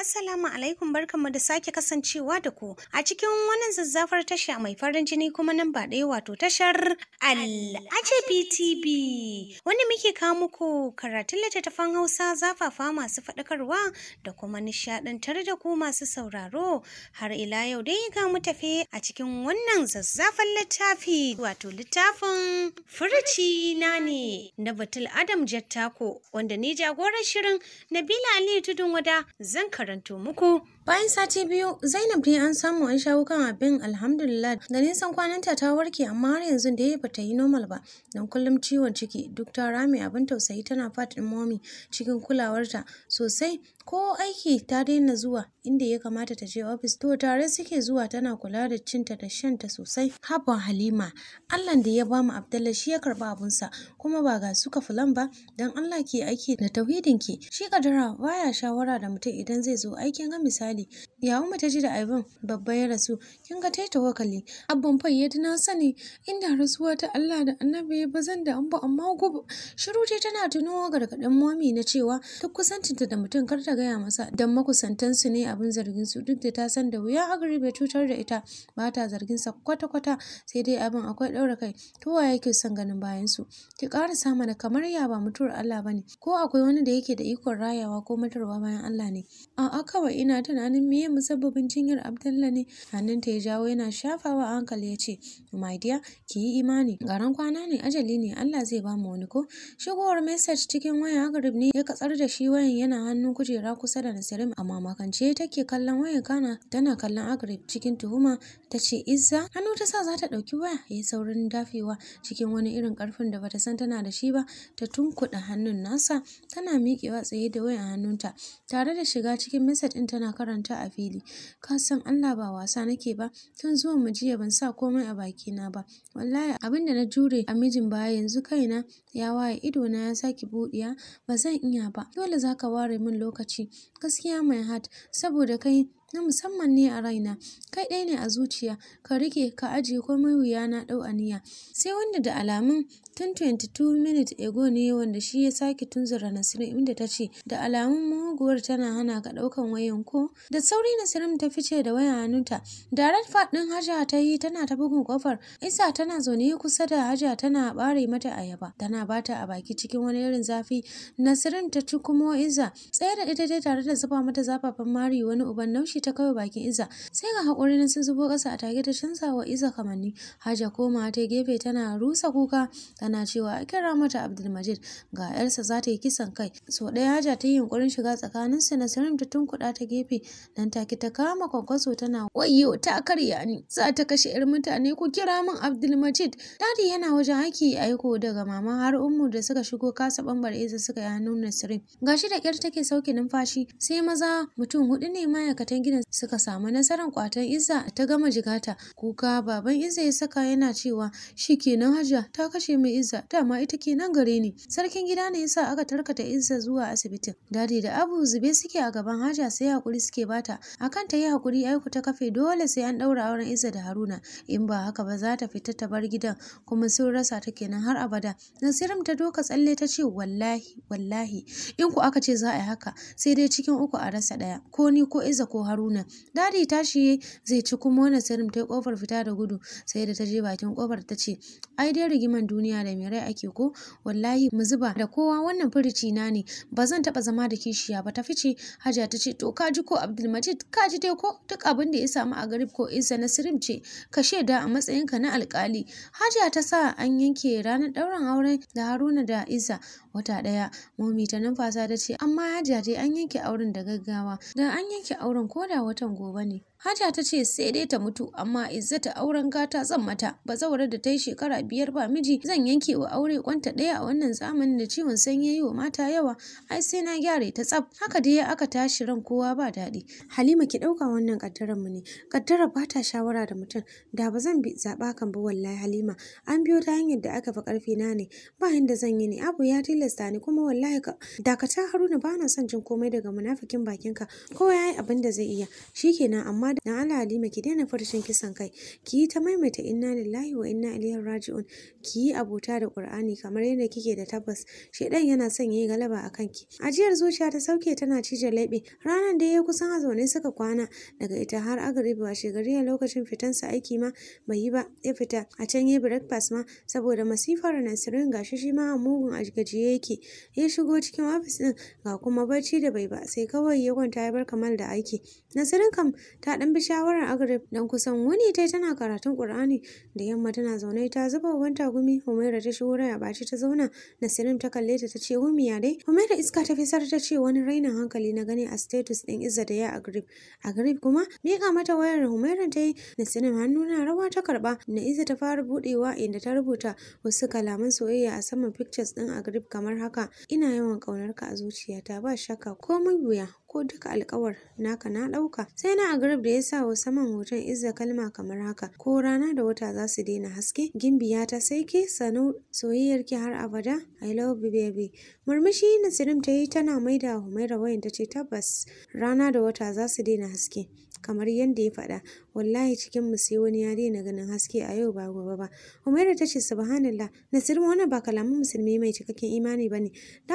Assalamu alaikum barkanmu da sake kasancewa da ku a cikin wannan zazzafar tasha mai farin jini kuma nan ba ɗaya wato tashar Al'ajabi TV wanda muke kawo muku karatun littattafan Hausa zafafa masu faɗakarwa da kuma nishaɗantar da ku masu sauraro har ila yau dai ga mu tafe a cikin wannan zazzafan littafi wato littafin furici na ne na Batul Adam Jattako wanda ni jagoran shirin Nabila Ali Tudun Wada zan karanta karanto muku Bayan sati biyu, Zainab dai an samu an shawo kan abin alhamdulillah da nisan kwananta ta warke amma har yanzu da ba ta yi normal ba don kullum ciwon ciki duk ta rame abin tausayi tana fatin momi cikin kulawarta sosai ko aiki ta daina zuwa inda ya kamata ta je ofis to tare suke zuwa tana kula da cinta da shanta sosai. Haba Halima, Allah da ya bamu Abdullahi, shi ya karba abunsa kuma ba ga suka fulan ba don Allah ke aiki da tauhidin ki? Shi kadara baya shawara da mutum idan zai zo aikin ga misali misali ya umma ta ji da abin babba ya rasu kin ga taita tawakkali abban fa yadda na sani inda rasuwa ta Allah da annabi ba zan da an amma gobe shiru ce tana tunowa gargaɗin mami na cewa duk kusancinta da mutum kar ta gaya masa dan makusantansu ne abin zargin su duk da ta san da wuya agri bai cutar da ita ba ta zargin sa kwata-kwata sai dai abin akwai daura kai to wa yake son ganin bayan su ki ƙarasa mana kamar ya ba mutuwar Allah bane ko akwai wani da yake da ikon rayawa ko mutuwa bayan Allah ne a'a kawai ina tana tunanin miye musabbabin jinyar Abdalla ne ta ya jawo yana shafawa a hankali ya ce my dear ki yi imani garan kwana ne ajali ne Allah zai ba mu wani ko shigowar message cikin waya Agrib ne ya katsar da shi wayan yana hannun kujera kusa da Nasirim amma makance take kallon wayan kana tana kallon Agrib cikin tuhuma ta ce Izza hannu ta sa za ta dauki waya ya saurin dafewa cikin wani irin karfin da bata san tana da shi ba ta tunkuɗa hannun nasa tana miƙewa tsaye da wayan hannunta tare da shiga cikin message ɗin tana kara. makaranta a fili. Ka san Allah ba wasa nake ba, tun zuwan mu jiya ban sa komai a baki na ba. Wallahi abin da na jure a mijin baya yanzu kaina ya waye ido na ya saki budiya ba zan iya ba. Dole za ka ware min lokaci. Gaskiya mai hat saboda kai na musamman ne a raina kai ɗaya ne a zuciya ka rike ka ajiye komai wuya na ɗau aniya sai wanda da alamun tun 22 minutes ago ne wanda shi ya sake tunzura Nasiru inda ta ce da alamun muguwar tana hana ka ɗaukan wayan ko da sauri Nasirim ta fice da wayan hannunta red fat ɗin haja ta yi tana ta bugun kofar Isa tana zaune kusa da haja tana ɓare mata ayaba tana bata a baki cikin wani irin zafi Nasiru ta ci kuma Isa tsaye da ita tare da zuba mata zafafan mari wani uban naushi ta kawai bakin Iza sai ga haƙuri na sun zubo ƙasa a take ta canza wa Iza kamanni Haja koma ta gefe tana rusa kuka tana cewa a kira mata Abdulmajid ga ƴarsa za ta yi kisan kai so ɗaya Haja ta yi yunƙurin shiga tsakanin su na sirrin ta tunkuɗa ta gefe dan take ta kama kwankwaso tana wayyo ta karya ni za ta kashe yar mutane ku kira min Abdulmajid dadi yana wajen aiki aiko daga mama har ummu da suka shigo kasa bambar Iza suka yi hannun Nasirim gashi da kyar take sauke numfashi sai maza mutum hudu ne ma'aikatan gidan suka samu nasarar kwatan isa ta gama jigata kuka baban Isa ya saka yana cewa shi kenan hajja ta kashe mai Isa dama ita kenan gare ni sarkin gida ne yasa aka tarkata isa zuwa asibitin dadi da Abu zube suke a gaban hajja sai hakuri suke bata akan ta yi hakuri aiku ta kafe dole sai an daura auren Isa da Haruna in ba haka ba za ta fita ta bar gidan kuma sun rasa ta kenan har abada Nasirim ta doka tsalle ta ce wallahi wallahi in ku aka ce za a yi haka sai dai cikin uku a rasa daya ko ni ko Isa ko Haruna Haruna. Dadi ta shi zai ci kuma wannan salim ta kofar fita da gudu sai da ta je bakin kofar ta ce ai dai rigiman duniya da mai rai ake ko wallahi mu zuba da kowa wannan firicina na ne ba zan taba zama da kishiya ba ta fice Hajiya ta ce to ka ji ko Abdulmajid ka ji dai ko duk abin da ya samu a garib ko Isa Nasirim ce ka sheda a matsayinka na alkali. Hajiya ta sa an yanke ranar ɗaurin auren da Haruna da Isa wata ɗaya. Momi ta numfasa ta ce amma Hajiya dai an yanke auren da gaggawa. don an yanke auren koda watan gobe ne. Haja ta ce sai dai ta mutu amma Izzata auren gata zan mata Ba bazawar da ta yi shekara biyar ba miji zan yanke wa aure kwanta ɗaya a wannan zamanin da ciwon sanyi yi wa mata yawa ai sai na gyare ta tsaf haka dai aka tashi ran kowa ba daɗi. Halima ki ɗauka wannan kaddaran mu ne kaddara ba ta shawara da mutum da ba zan bi zaɓa kan ba wallahi Halima an biyo ta hanyar da aka fi ƙarfi na ne ba yanda zan yi ne abu ya tilasta ni kuma wallahi ka. dakata Haruna ba na son jin komai daga munafikin bakinka kowa ya yi abin da zai iya shikenan amma amma da Allah Halima ki daina farcin kisan kai ki yi ta maimaita inna lillahi wa inna ilaihi raji'un ki yi abota da Qur'ani kamar yadda kike da tabbas shedan yana son yi galaba a kanki ajiyar zuciya ta sauke tana cije laibe ranar da ya kusan a zaune suka kwana daga ita har ba washe gari a lokacin fitan sa aiki ma bai yi ba ya fita a can yi breakfast ma saboda masifar Nasirin gashi shi ma mugun a yake ya shigo cikin ofis din ga kuma barci da bai ba sai kawai ya kwanta ya bar kamal da aiki Nasirin kam ta ɗan bi shawarar Agrib dan kusan wuni tai tana karatun Qur'ani da yamma tana zaune ta zuba wanta tagumi Humaira ta shigo raya baci ta zauna Nasirin ta kalle ta tace Humiya dai Humaira iska ta fisar ta ce wani rainin hankali na gani a status ɗin Izza da ya Agrib Agrib kuma mika mata wayar Humaira ta yi Nasirim hannu na rawa ta karba na Izza ta fara budewa inda ta rubuta wasu kalaman soyayya a saman pictures ɗin Agrib kamar haka ina yawan kaunar ka a zuciyata ba shakka komai wuya ko duka alƙawar naka na ɗauka sai na Agrib da ya sa wa saman hoton izza kalma kamar haka ko rana da wata za su daina haske gimbiya ta sai ke sanu soyayyar ki har abada i love you baby murmushi nasirim ta yi tana maida humaira wayan ta ce tabbas rana da wata za su daina haske kamar yadda ya faɗa wallahi cikin mu sai wani ya daina ganin haske a yau ba gobe ba Humaira ta ce subhanallah Nasiru wannan ba kalamin musulmi mai cikakken imani bane ne.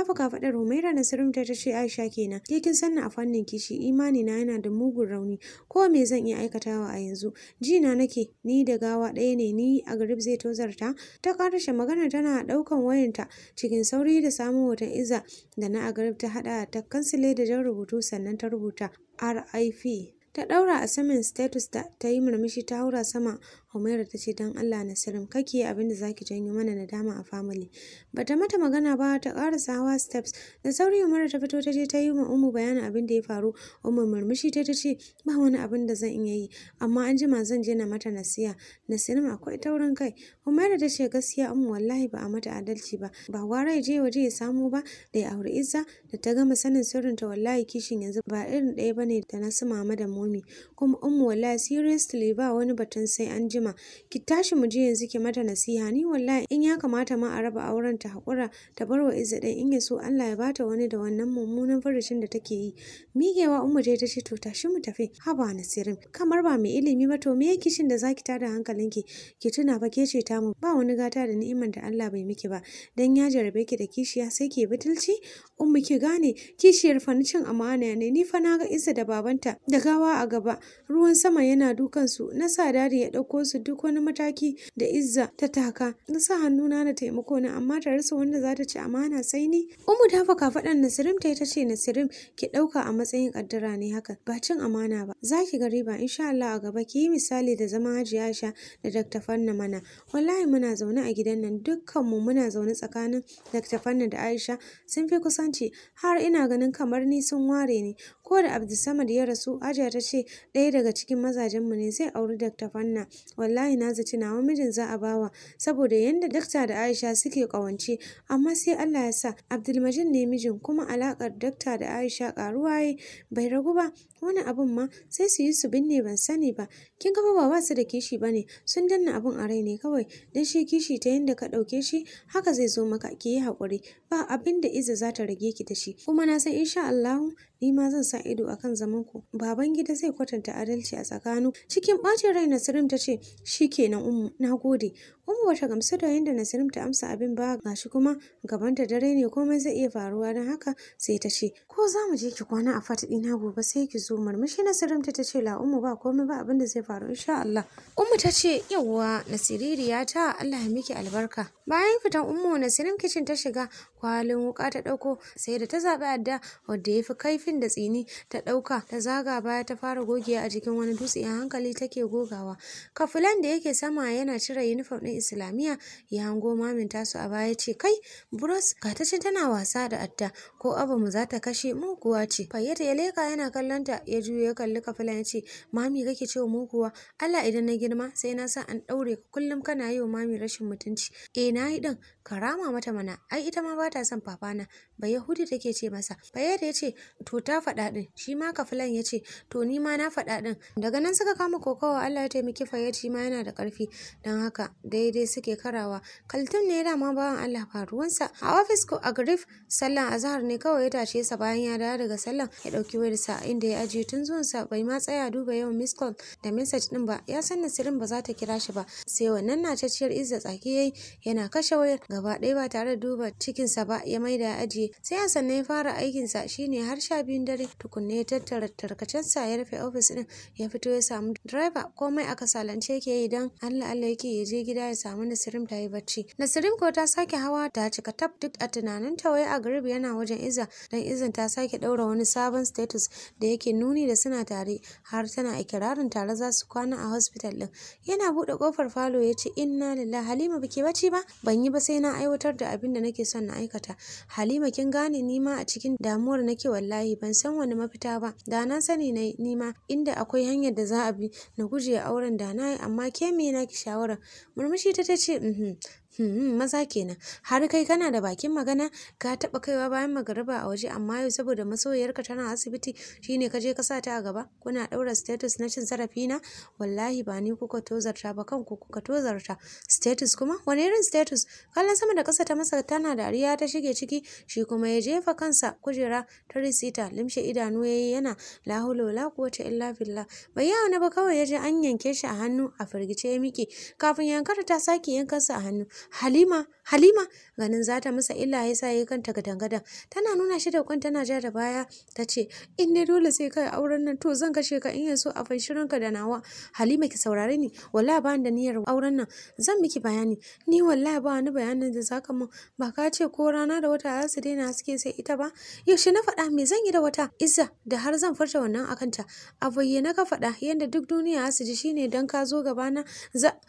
fuka faɗar Humaira Nasiru ta ce Aisha kenan ke kin sanna a fannin kishi imani na yana da mugun rauni ko ko me zan iya aikatawa a yanzu jina nake ni da gawa ɗaya ne ni a garib zai tozarta ta karshe magana tana ɗaukan wayanta cikin sauri da samun hoton iza da na a garib ta haɗa ta kansile da jan rubutu sannan ta rubuta rip ta ɗaura a saman status da ta yi murmushi ta haura sama Humaira ta ce don Allah Nasirim kake yi abin da zaki janyo mana nadama a family. Bata mata magana ba ta ƙara sawa steps da sauri Humaira ta fito ta je ta yi wa Ummu bayanin abin da ya faru. Ummu murmushi ta ce ba wani abin da zan iya yi amma an jima zan je na mata nasiya. Nasirim akwai taurin kai. Humaira ta ce gaskiya Ummu wallahi ba a mata adalci ba ba ya je waje ya samu ba da ya auri Izza da ta gama sanin sirrinta wallahi kishin yanzu ba irin ɗaya bane da na su mama da momi kuma Ummu wallahi seriously ba wani batun sai an jima Fatima, ki tashi mu je yanzu ki mata nasiha ni wallahi in ya kamata ma a raba auren ta hakura ta bar wa Izza ɗin in ya so Allah ya bata wani da wannan mummunan farishin da take yi. Migewa Ummu je ta ce to tashi mu tafi haba Nasirin kamar ba mai ilimi ba to me yake shin da zaki tada hankalinki ki tuna ba ke ce ta mu ba wani gata da ni'imar da Allah bai miki ba dan ya jarabe ki da kishiya sai ki butulci Ummu ki gane kishiyar fa cin amana ne ni fa na ga Izza da babanta da gawa a gaba ruwan sama yana dukan su na sa dadi ya dauko su duk wani mataki da Izza ta taka. Na sa hannuna na taimako na amma ta rasa wanda za ta ci amana sai ni. Umu ta faka faɗan Nasirim ta yi ta ce Nasirim ki ɗauka a matsayin ƙaddara ne haka ba cin amana ba. Za ki gari ba insha Allah a gaba ki yi misali da zama Hajiya Aisha da Dr. Fanna mana. Wallahi muna zaune a gidan nan dukkanmu muna zaune tsakanin Dr. Fanna da Aisha sun fi kusanci har ina ganin kamar ni sun ware ni Ko da Abdulsamad ya rasu, ajiya ta ce ɗaya daga cikin mazajenmu ne zai auri Dr. Fanna. Wallahi na zaci nawa mijin za a bawa saboda yanda Dakta da Aisha suke ƙawance. Amma sai Allah ya sa Abdulmajid ne mijin kuma alakar Dakta da Aisha ƙaruwa yi bai ragu ba. Wani abun ma sai su yi su binne ban sani ba. Kin ga ba ba da kishi ba ne Sun danna abun a rai ne kawai. Dan shi kishi ta yanda ka ɗauke shi haka zai zo maka ki yi haƙuri. Ba abin da Iza za ta rage ki da shi. Kuma na san insha allahu. ni ma zan sa ido akan zaman ku baban gida zai kwatanta adalci a tsakanin cikin bacin rai nasirim ta ce shikenan ummu nagode ummu bata gamsu da yanda nasirim ta amsa abin ba gashi kuma gaban ta dare ne komai zai iya faruwa don haka sai ta ce ko za mu je ki kwana a fata ɗina gobe sai ki zo murmushi nasirim ta ce la ummu ba komai ba abin da zai faru insha Allah ummu ta ce yawwa nasiririya ta Allah ya miki albarka Bayan fitan Ummu sinim kicin ta shiga kwalin wuka ta dauko sai da ta zaɓi adda wadda ya fi kaifin da tsini ta ɗauka ta zaga baya ta fara gogewa a jikin wani dutse a hankali take gogawa. Kafulan da yake sama yana cire yunifom ɗin Islamiyya ya hango mamin tasu a baya ce kai bros ga ta ce tana wasa da adda ko abu mu za ta kashe kuwa ce. Fayyata ya leka yana kallon ta ya juyo ya kalli kafulan ya ce mami kake cewa kuwa Allah idan na girma sai na san an daure kullum kana yi wa mami rashin mutunci. Eh, ina yi din ka mata mana ai ita ma bata ta son papana ba yahudi take ce masa baye da yace ce to ta faɗa ɗin shi ma kafilan ya ce to ni ma na faɗa ɗin daga nan suka kama kokawa allah ya taimaki fayyaci ma yana da karfi dan haka daidai suke karawa kaltum ne ma bawan allah faruwansa a ofis ko a grif sallan azahar ne kawai ya tace sa bayan ya dawo daga sallan ya ɗauki wayarsa inda ya ajiye tun zuwan sa bai ma tsaya duba yawan miss call da message din ba ya san nasirin ba za ta kira shi ba sai wannan na natacciyar izza tsaki yayi yana kashe wayar gaba ɗaya ba tare da duba cikinsa ba ya maida ya ajiye sai Hassan ya fara aikinsa shine har sha biyun dare tukunne ya tattara tarkacensa ya rufe ofis ɗin ya fito ya samu driver komai aka salance yake yi don Allah Allah yake ya je gida ya samu Nasirim ta yi bacci Nasirim ko ta sake hawa ta cika tab duk a tunaninta wai a garbi yana wajen Iza don Izan ta sake ɗaura wani sabon status da yake nuni da suna tare har tana ikirarin tare za su kwana a hospital ɗin yana buɗe kofar falo ya ce inna lillahi Halima baki bacci ba ban yi ba sai na aiwatar da abin da nake son na aikata halima kin gane ni ma a cikin damuwar nake wallahi ban san wani mafita ba da na sani na ni ma inda akwai hanyar da za a bi na guje auren da na yi amma ke me na ki shawara murmushi ta tace mhm Hmm, maza kenan. Har kai kana da bakin magana ka taba kaiwa bayan magariba a waje amma yau saboda masoyarka tana asibiti shine ka je ka sa ta a gaba kuna ɗaura status na cin zarafi na wallahi ba ni kuka tozarta ba kanku kuka tozarta status kuma wani irin status kallon sama da kasa ta masa tana dariya ta shige ciki shi kuma ya jefa kansa kujera ta risita limshe idanu yayi yana la hawla wala quwwata illa billah bai yawo na ba kawai ya je an yanke shi a hannu a firgice ya miƙe kafin yankar ta sake yankarsa a hannu حليمة Halima ganin za ta masa illa ya sa ya kanta gadangadan. Tana nuna shi da kwan tana ja da baya ta ce in ne dole sai kai auren nan to zan kashe ka in so a ranka da nawa. Halima ki saurari ni wallahi ba da niyyar auren nan zan miki bayani ni wallahi ba wani bayanin da zaka min ba ka ce ko rana da wata za su daina suke sai ita ba. Yaushe na faɗa me zan yi da wata izza da har zan furta wannan akanta a bayyana ka faɗa yadda duk duniya su ji shine dan ka zo gabana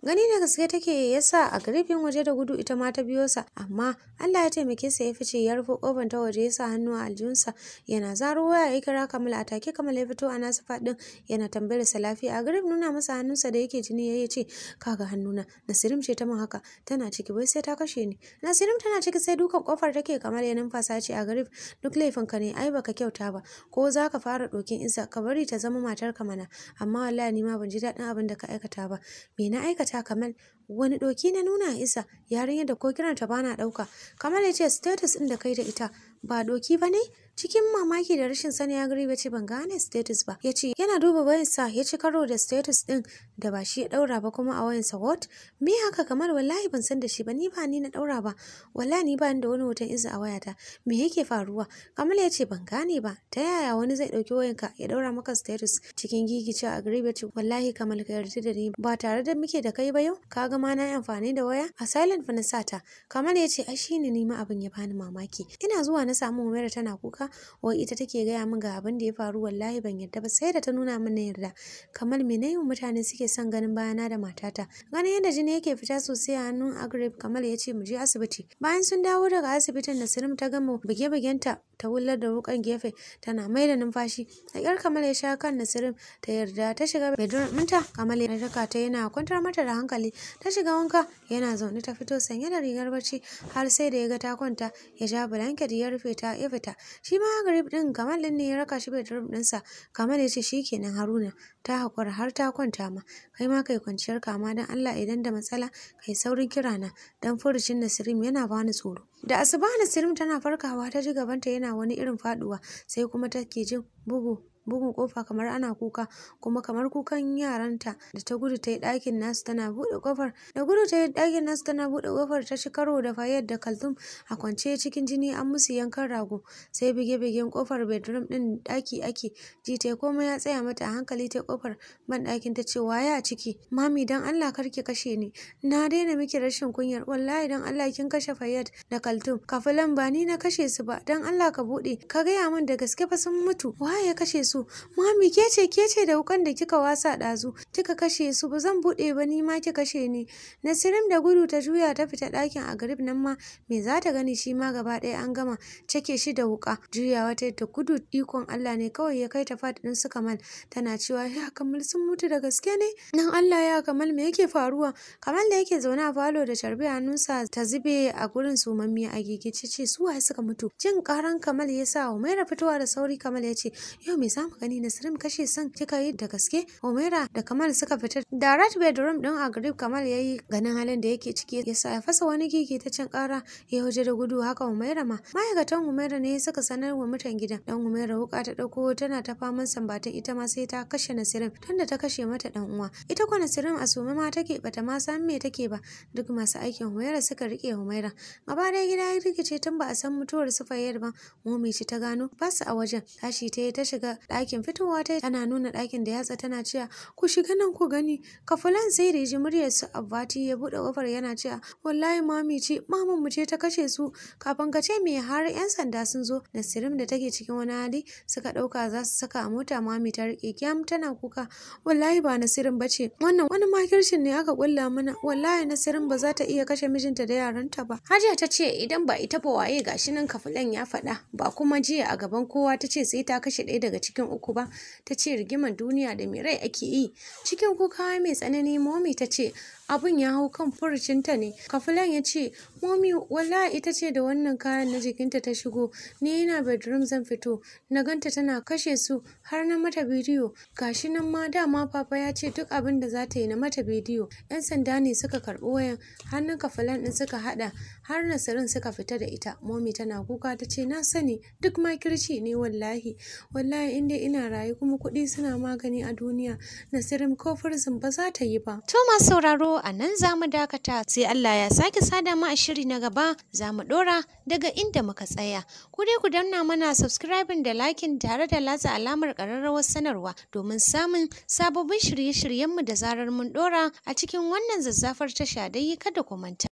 gani ne gaske take yasa a garifin waje da gudu ita ma ta biyo sa amma Allah ya taimake sa ya fice ya rufe kofar ta waje ya sa hannu a aljihunsa yana zaro waya ya kira Kamal a take Kamal ya fito a nasu fadin yana tambayar sa lafiya a garib nuna masa hannunsa da yake jini yayi ce kaga hannuna Nasirim ce ta min haka tana ciki wai sai ta kashe ni Nasirim tana ciki sai dukan kofar take Kamal ya numfasa ce a garib duk laifin ka ne ai baka kyauta ba ko zaka fara dokin isa ka bari ta zama matar ka mana amma wallahi ni ma ban ji daɗin abin da ka aikata ba me na aikata Kamal wani doki na nuna isa yarinyar da ko kiranta bana dauka kamar ya ce status din da kai da ita ba doki ba ne Cikin mamaki da rashin sani ya gari ce ban gane status ba. Ya ce yana duba wayansa ya ci karo da status din da ba shi ya daura ba kuma a wayansa what? Me haka kamar wallahi ban san da shi ba ni ba ni na daura ba. Wallahi ni ba ni da wani hoton izu a wayata. Me yake faruwa? Kamal ya ce ban gane ba. Ta yaya wani zai dauki wayanka ya daura maka status cikin gigice a gari ce wallahi kamar ka yarda da ni ba tare da muke da kai ba yau ka ga ma na yi amfani da waya a silent fa na sata. kamar ya ce ai shine ni ma abin ya bani mamaki. Ina zuwa na samu Umaira tana kuka wai ita take gaya min ga abin da ya faru wallahi ban yarda ba sai da ta nuna min yarda kamar me na mutane suke son ganin bayana da matata ganin yadda jini yake fita sosai a hannun agrib kamal ya ce mu je asibiti bayan sun dawo daga asibitin nasirim ta gama buge-bugenta ta wullar da wukan gefe tana mai da numfashi a yar kamar ya sha kan nasirin ta yarda ta shiga bedroom ɗinta kamar ya raka ta yana kwantar mata da hankali ta shiga wanka yana zaune ta fito sanye da rigar bacci har sai da ya ga ta kwanta ya sha blanket ya rufe ta ya fita shi ma garib din kamar din ne ya raka shi bedroom sa kamar ya ce shikenan haruna ta haƙura har ta kwanta ma kai ma kai kwanciyar kama dan allah idan da matsala kai saurin kirana dan furucin nasirim yana bani tsoro Da asuba Nasirim tana farkawa ta ji gabanta yana wani irin faduwa sai kuma take jin bugu bugun kofa kamar ana kuka kuma kamar kukan yaranta da ta gudu ta yi ɗakin nasu tana buɗe kofar da gudu ta yi ɗakin nasu tana buɗe kofar ta ci karo da fayad da kaltum a kwance cikin jini an musu yankan rago sai bige-bigen kofar bedroom ɗin ɗaki ake ji ta komai ya tsaya mata a hankali ta kofar ban ɗakin ta ce waya a ciki mami dan Allah kar ki kashe ni na daina miki rashin kunyar wallahi dan Allah kin kashe Fayyad da Kaltum fi ba ni na kashe su ba dan Allah ka buɗe ka gaya min da gaske fa sun mutu waye ya kashe su su. Mami ke ce ke ce da wukan da kika wasa ɗazu, kika kashe su ba zan buɗe ba ni ma ki kashe ni. Nasirim da gudu ta juya ta fita dakin a garib nan ma me za ta gani shi ma gaba ɗaya an gama cake shi da wuka. Juyawa ta ta gudu ikon Allah ne kawai ya kai ta din su Kamal tana cewa ya Kamal sun mutu da gaske ne? Nan Allah ya Kamal me yake faruwa? Kamal da yake zaune a falo da a hannunsa ta zube a gurin mami a gigice ce su suka mutu. Jin karan Kamal yasa sa Umaira fitowa da sauri Kamal ya ce yau me za mu gani Nasrim kashe son kika yi da gaske Humaira da Kamal suka fita da rat bedroom din Agrib Kamal yayi ganin halin da yake ciki ya ya fasa wani gigi ta can kara ya waje da gudu haka Humaira ma ma'aikatan Humaira ne suka sanar wa mutan gidan dan Humaira wuka ta dauko tana ta faman sambatin ita ma sai ta kashe Nasrim tunda ta kashe mata dan uwa ita ko Nasrim a sume ma take bata ma san me take ba duk masu aikin Humaira suka rike Humaira gaba daya gida ya rikice tun ba a san mutuwar su fayyar ba momici ta gano ba su a wajen tashi ta ta shiga ɗakin fitowa ta tana nuna ɗakin da yatsa tana cewa ku shiga nan ku gani kafulan sai da ji muryar su abbati ya buɗe kofar yana cewa wallahi mami ce mamun mu ce ta kashe su kafin ka ce me har yan sanda sun zo nasirim da take cikin wani hali suka ɗauka za su saka a mota mami ta rike kyam tana kuka wallahi ba nasirin ba ce wannan wani makircin ne aka kulla mana wallahi sirim ba za ta iya kashe mijinta da yaranta ba hajiya ta ce idan ba ita ba waye gashi nan kafulan ya faɗa ba kuma jiya a gaban kowa ta ce sai ta kashe ɗaya daga cikin mutum uku ba ta ce rigimar duniya da mai rai ake yi cikin kuka mai tsanani momi ta ce abun ya hau kan furucinta ne kafilan ya ce momi wala ita ce da wannan kayan na jikinta ta shigo ni yana bedroom zan fito na ganta tana kashe su har na mata bidiyo gashi nan ma dama papa ya ce duk abin da za ta yi na mata bidiyo yan sanda ne suka karɓi wayan hannun kafilan din suka hada har nasarin suka fita da ita momi tana kuka ta ce na sani duk ma makirci ne wallahi wallahi inda ina rayu kuma kuɗi suna magani a duniya nasirin kofar ba za ta yi ba to masu sauraro a nan za mu dakata sai Allah ya sake sada mu a shiri na gaba za mu ɗora daga inda muka tsaya ku dai ku danna mana subscribing da liking tare da latsa alamar ƙararrawar sanarwa domin samun sababbin shirye-shiryenmu da zarar mun ɗora a cikin wannan zazzafar tasha dai kada ku manta